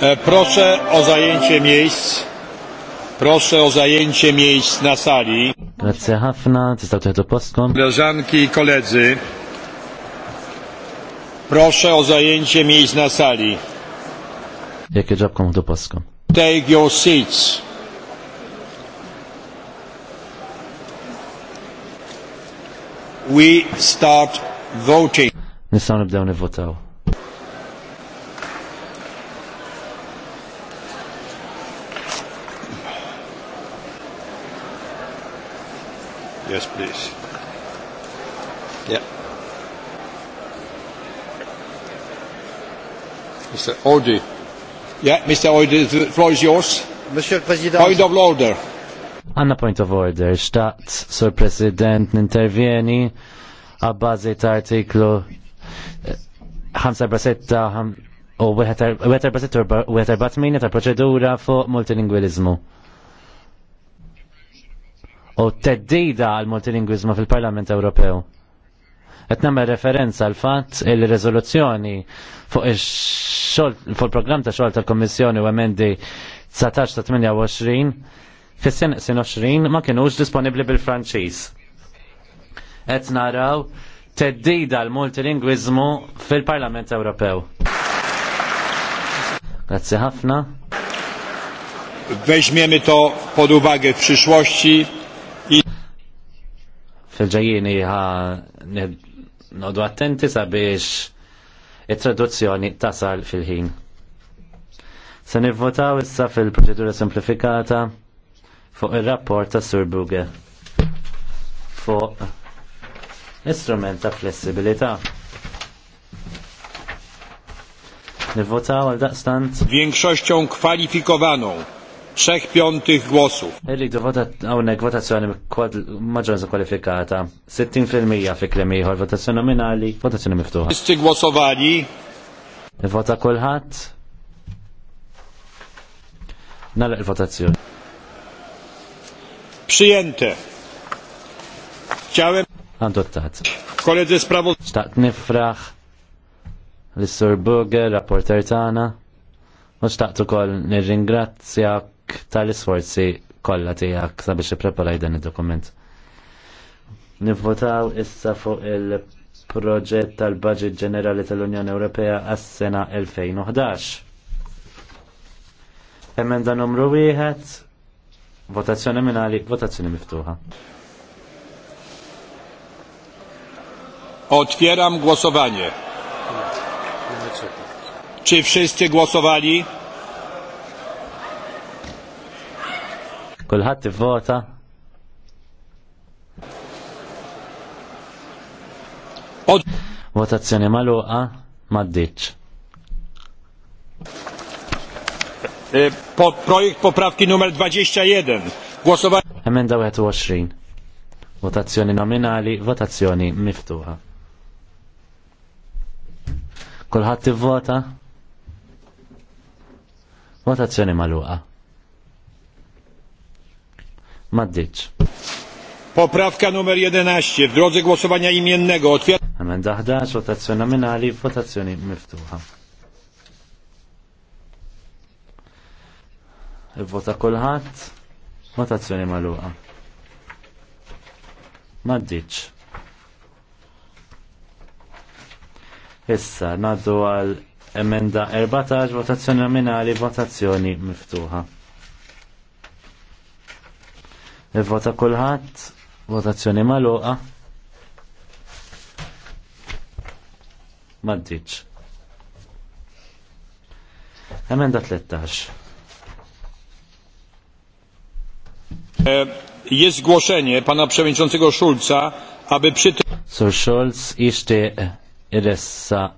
E, proszę o zajęcie miejsc. Proszę o zajęcie miejsc na sali. Grazie ħafna, tistaw do postkom. Koleżanki i koledzy, proszę o zajęcie miejsc na sali. Jakie ġabkom do postkom? Take your seats. We start voting. Nistaw nibdew nivvotaw. Yes, please. Yeah. Mr. Audi. Yeah, Mr. Oide, the floor is yours. Mr. President. Point of order. Għanna point of order, xtaqt, Sur President, nintervjeni għabbazi ta' artiklu 5.7 eh, u 148 er-, ta' proċedura fuq multilingualizmu. U teddida għal multilingualizmu fil-Parlament Ewropew. Qed nagħmel referenza għal fatt il-riżoluzzjoni fuq ix-xogħol fuq il-programm ta' xogħol tal-Kummissjoni u emendi 19 ta' 28 fis-sen 20 ma kinux disponibbli bil-Franċiż. Qed naraw teddida l-multilingwiżmu fil-Parlament Ewropew. Grazzi ħafna. Weźmiemy to pod uwagę w przyszłości. I... Fil-ġajjini ħa nodu attenti sabiex it-traduzzjoni tasal fil-ħin. Se nivvotaw issa fil-proċedura semplifikata fuq il-rapport ta' Sur Buge fuq istrument ta' flessibilità. Nivvotaw għal daqstant. Większością kwalifikowaną trzech piątych głosów. Irridu għawnek votazzjoni maġġoranza kwalifikata, 60% fi klem ieħor votazzjoni nominali, votazzjoni miftuħa. Wszyscy głosowali. Vota kulħadd. Nagħlaq il-votazzjoni. Przyjęte. Chciałem. Adottat. Koledzy sprawo. Staqt nifraħ. L-Sur Burger, rapporter Tana. U staqt ukoll nirringrazzjak tal-isforzi kollha tiegħek sabiex ippreparaj dan id-dokument. Nivvotaw issa fuq il-proġett tal-Budget Ġenerali tal-Unjoni Ewropea għas-sena 2011. Emenda numru wieħed, votazzjoni minali, votazzjoni miftuħa. Otwieram głosowanie. Czy wszyscy głosowali? Kulħadd ivvota. Votazzjoni maluqa maddiċ. E, projekt poprawki numer 21. Głosowanie. Emenda 21. Votazzjoni nominali, votazzjoni miftuħa. Kulħadd ivvota? Votazzjoni maluqa. Maddiċ. Poprawka numer 11 w drodze głosowania imiennego otwiera. Emenda 11, votazzjoni nominali, votazzjoni miftuħa. Vota kulħadd, votazzjoni magħluqa. Maddiċ. Issa, naddu għal emenda 14, votazzjoni nominali, votazzjoni miftuħa il Vota kulħadd, votazzjoni maluqa. Maddiċ. Emenda 13. E, jest zgłoszenie pana przewodniczącego Szulca, aby przy tym... Sur Schulz ixtieq iressa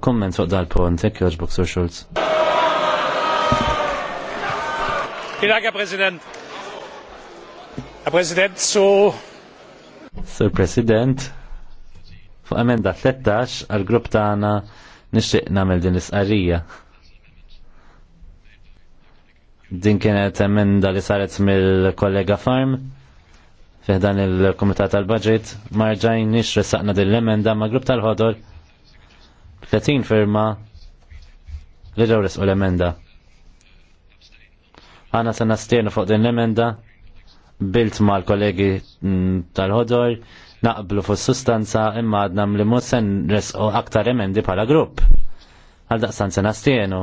komment fuq dal-punt, jekk jogħġbok Sur Schulz. Grazie, prezydent. Herr so... Sir President, fuq emenda 13 għal grupp tagħna nixtieq nagħmel din l-isqarrija. Din kienet emenda li saret mill-kollega Farm fiħdan il-Komitat tal-Budget marġajn nix ressaqna din l-emenda ma' grupp tal ħodol 30 firma li ġew resqu l-emenda. Għana se nastienu fuq din l-emenda bilt mal-kollegi mm, tal-ħodor naqblu fuq sustanza imma għadna li musen resqu aktar emendi bħala grupp. Għal daqstan sena stienu.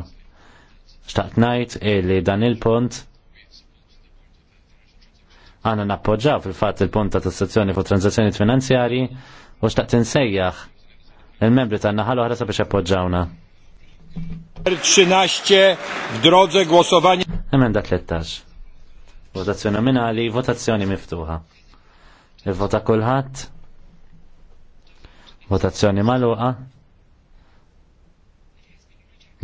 Xtaqt najt li dan il-punt għana nappoġġaw fil-fat il-punt ta' tassazzjoni fuq transazzjoni finanzjari u xtaqt insejjaħ il-membri ta' naħalu oħra sabiex appoġġawna. Emenda 13. Votazzjoni nominali, votazzjoni miftuħa. Il-vota kulħadd. Votazzjoni magħluqa.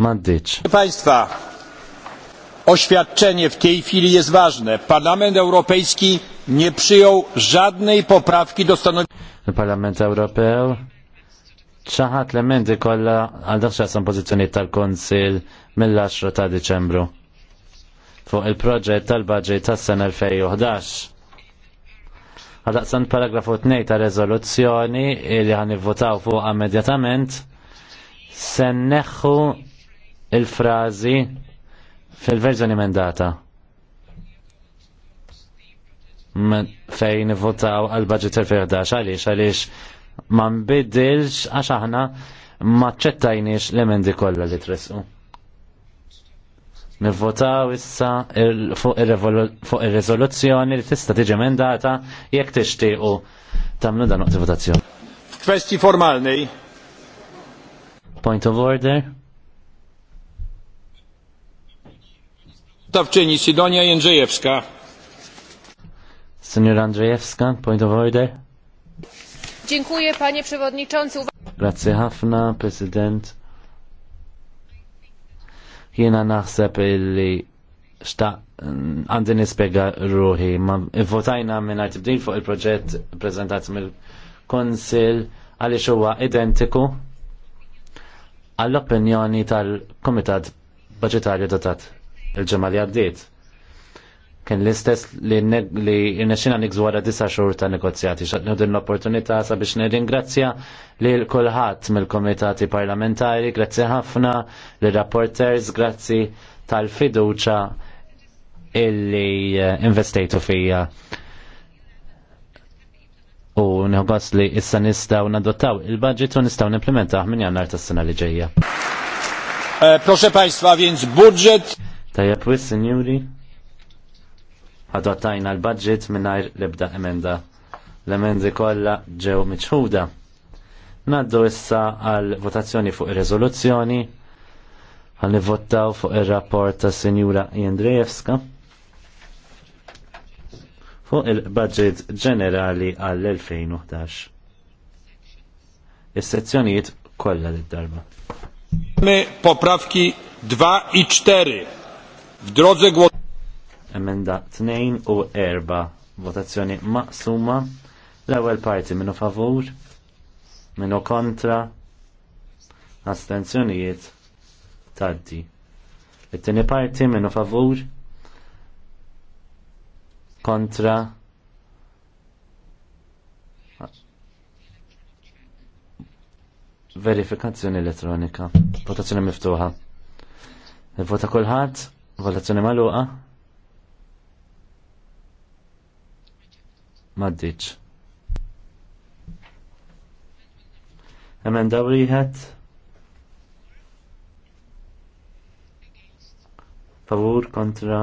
Maddiċ. Państwa, oświadczenie w tej chwili jest ważne. Parlament Europejski nie przyjął żadnej poprawki do stanowiska. Il-Parlament Ewropew ċaħat l-emendi kolla għal daħxa san pożizzjonijiet tal-Konsil mill-10 ta' Deċembru fuq il-proġett tal baġit tas-sena 2011. Għadaqsan paragrafu 2 ta' rezoluzzjoni li għan votaw fuq immedjatament sen neħħu il-frazi fil-verżjoni mendata. Fejn votaw għal tal 2011 għaliex għaliex ma nbiddilx għax aħna ma ċettajniex l-emendi kollha li tresqu. Nivvotaw issa fuq il-rezoluzzjoni li tista' tiġi emendata jekk tixtiequ tagħmlu dan waqt votazzjoni. Kwesti formalni. Point of order. Tafċini Sidonia Jędrzejewska. Senior Andrzejewska, point of order. Dziękuję panie przewodniczący. Grazie Hafna, prezydent. Jiena naħseb illi xta għandi nispjega ruħi, ma votajna minn tibdil fuq il-proġett prezentat mill-Konsil għaliex huwa identiku għall-opinjoni tal-Komitat Budgetarju dotat il ġemali li għaddiet kien l-istess li n-nexina nikżwara disa xhur ta' negozjati. Xaqnu din l-opportunità sabiex nirringrazzja li l-kulħadd mill-komitati parlamentari, grazzi ħafna li rapporters, grazzi tal-fiduċa illi eh, investejtu fija. U nħobbas li issa nistaw nadottaw il-budget u nistaw nimplementaw minn jannar tas-sena li ġejja. Eh, proszę Państwa, więc budżet. Tajab, signori adottajna l-budget mingħajr l ibda emenda. L-emendi kollha ġew miċħuda. Naddu issa għal votazzjoni fuq ir-riżoluzzjoni għal nivvottaw fuq ir-rapport ta' Sinjura Jendrejewska fuq il-budget ġenerali għall-2011. Is-sezzjonijiet kollha lid-darba. Poprawki 2 i 4 w drodze Emenda 2 u 4 votazzjoni maqsuma l-ewwel parti minnu favur, minnu kontra, astenzjonijiet taddi. It-tieni parti minnu favur, kontra, verifikazzjoni elettronika, votazzjoni miftuħa. Il-vota kulħadd, votazzjoni magħluqa, maddiċ. Emenda wieħed favur kontra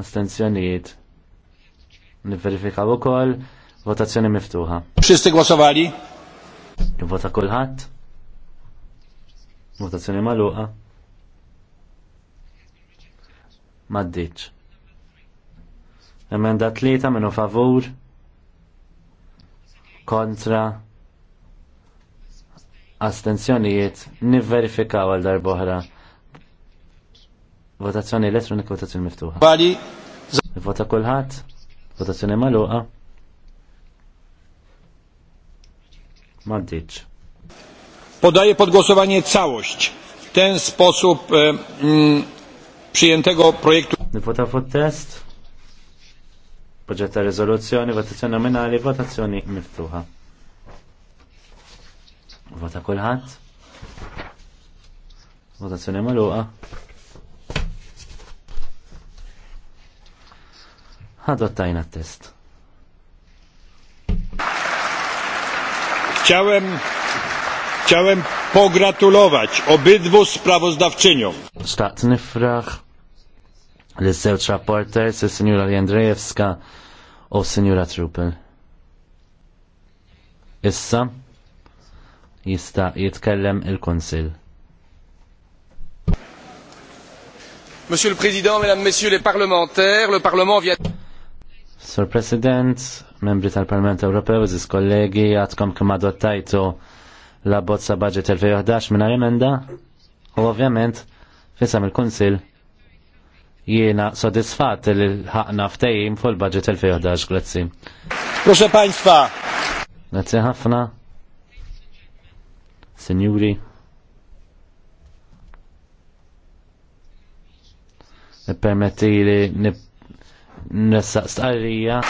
astenzjonijiet. Niverifikaw ukoll votazzjoni miftuħa. Wszyscy głosowali? Nivota kulħadd. Votazzjoni magħluqa. Maddiċ. Emenda tlieta minnu favur kontra astenzjonijiet nivverifikaw għal darboħra votazzjoni elettronika votazzjoni miftuħa. Bali. Vota kulħadd, votazzjoni maluqa. Maddiċ. Podaję pod głosowanie całość. W ten sposób e, mm, przyjętego projektu. Vota pod test. Proġett ta' rezoluzzjoni, votazzjoni nominali, votazzjoni miftuħa. Vota kulħadd. Votazzjoni magħluqa. Adottajna t-test. Chciałem, chciałem pogratulować obydwu sprawozdawczyniom. Stat nifraħ l-żewġ rapporters, il-Sinjura Jendrejewska u s-Sinjura Trupel. Issa jista jitkellem il-Konsil. Monsieur le Président, Mesdames, Messieurs les parlementaires, le Parlement vient... Sur President, membri tal-Parlament Ewropew, ziz kollegi, għatkom kem adottajtu la bozza budget 2011 minna emenda u ovvjament fissam il-Konsil jiena sodisfat li ħaqna ftejim fuq il-budget 2011, grazzi. Proszę Państwa! Grazzi ħafna. Signori. Permetti li nissaqstarrija.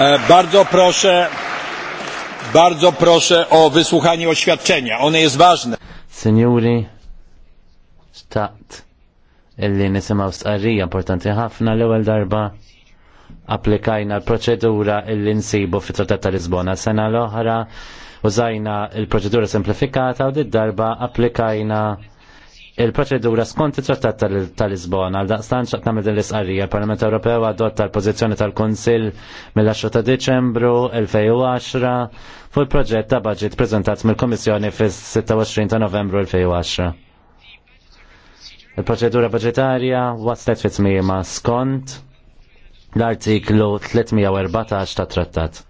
E, bardzo proszę, bardzo proszę o wysłuchanie oświadczenia. One jest ważne. Seniori, staqt illi nisimaw stqarrija importanti ħafna l-ewwel darba applikajna l-proċedura illi nsibu fit trattat ta' Lisbona sena l-oħra użajna l-proċedura simplifikata u dit darba applikajna il-proċedura skont it-trattat tal-Lisbona għal daqstan xaqt namil din l-isqarrija. Il-Parlament Ewropew adotta l-pożizzjoni tal-Kunsill mill-10 ta' Deċembru 2010 fuq il-proġett ta' budget preżentat mill-Komissjoni fis-26 ta' Novembru 2010. Il-proċedura budgetarja waslet fit-tmiema skont l-artiklu 314 ta' trattat.